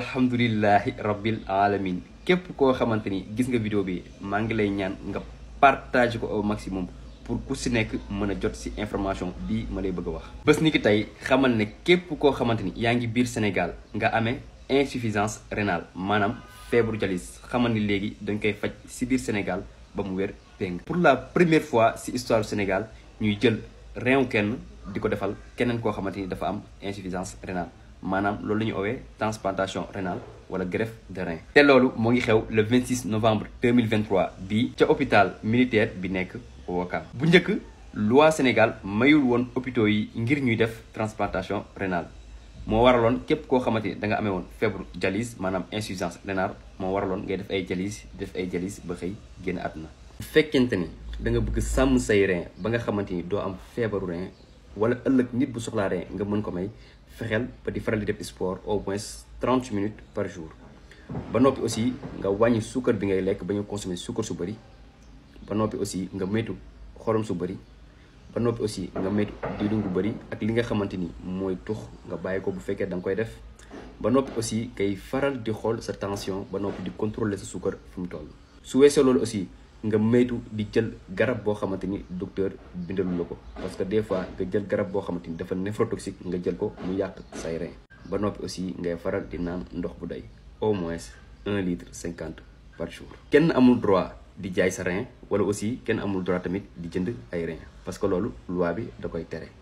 alhamdulilahi rabbil alamin képp koo xamante ni gis nga vidéo bi maa ngi lay ñaan nga partage ko au maximum pour ku si nekk mën a jot si information bii ma lay bëgg a wax bés ni ki tey xamal ne képp koo xamante ni yaa ngi biir Sénégal nga amee insuffisance rénale maanaam feebaru jalis xamal ni léegi dañ koy faj si biir Sénégal ba mu wér péng pour la première fois si histoire Sénégal ñuy jël reinu kenn di ko defal keneen koo xamante ni dafa am insuffisance rénale Manam loolu la ñu owee transplantation rénale wala greffe de rein te loolu moo ngi xew le 26 novembre 2023 bii ca hôpital militaire bi nekk Ouakam bu njëkk loi Sénégal mayul woon hôpitaux yi ngir ñuy def transplantation rénale moo waraloon képp koo xamante ni da nga amee woon fièvre dialyse maanaam insuffisance rénale moo waraloon ngay def ay dialyse def ay dialyse ba xëy génn àdduna fekkente ni da nga bëgg sàmm say rein ba nga xamante ni doo am feebaru rein wala ëllëg nit bu soxla soxlaaree nga mën ko may fexel ba di faral di def sport au moins 30 minutes par jour ba nopi aussi nga wañi sucre bi ngay lek bañu consommer sucre su bari ba nopi aussi nga metu xorom su bari ba nopi aussi nga moytu diwlin bu bari ak li nga xamanteni moy tux nga bayiko bu fekkee dang koy def ba nopi aussi kay faral di xol sa tension ba nopi di contrôler sa sucre fum toll su weesee loolu aussi nga maytu di jël garab bo xamanteni docteur bindal la ko parce que des fois nga jël garab bo xamanteni dafa nephrotoxique nga jël ko mu yak say rein ba nopi aussi ngay faral di nan ndox bu day au moins 1 litre 50 par jour kenn amul droit di jay sa rein wala aussi kenn amul droit tamit di jënd ay rein parce que lolu loi bi da koy téré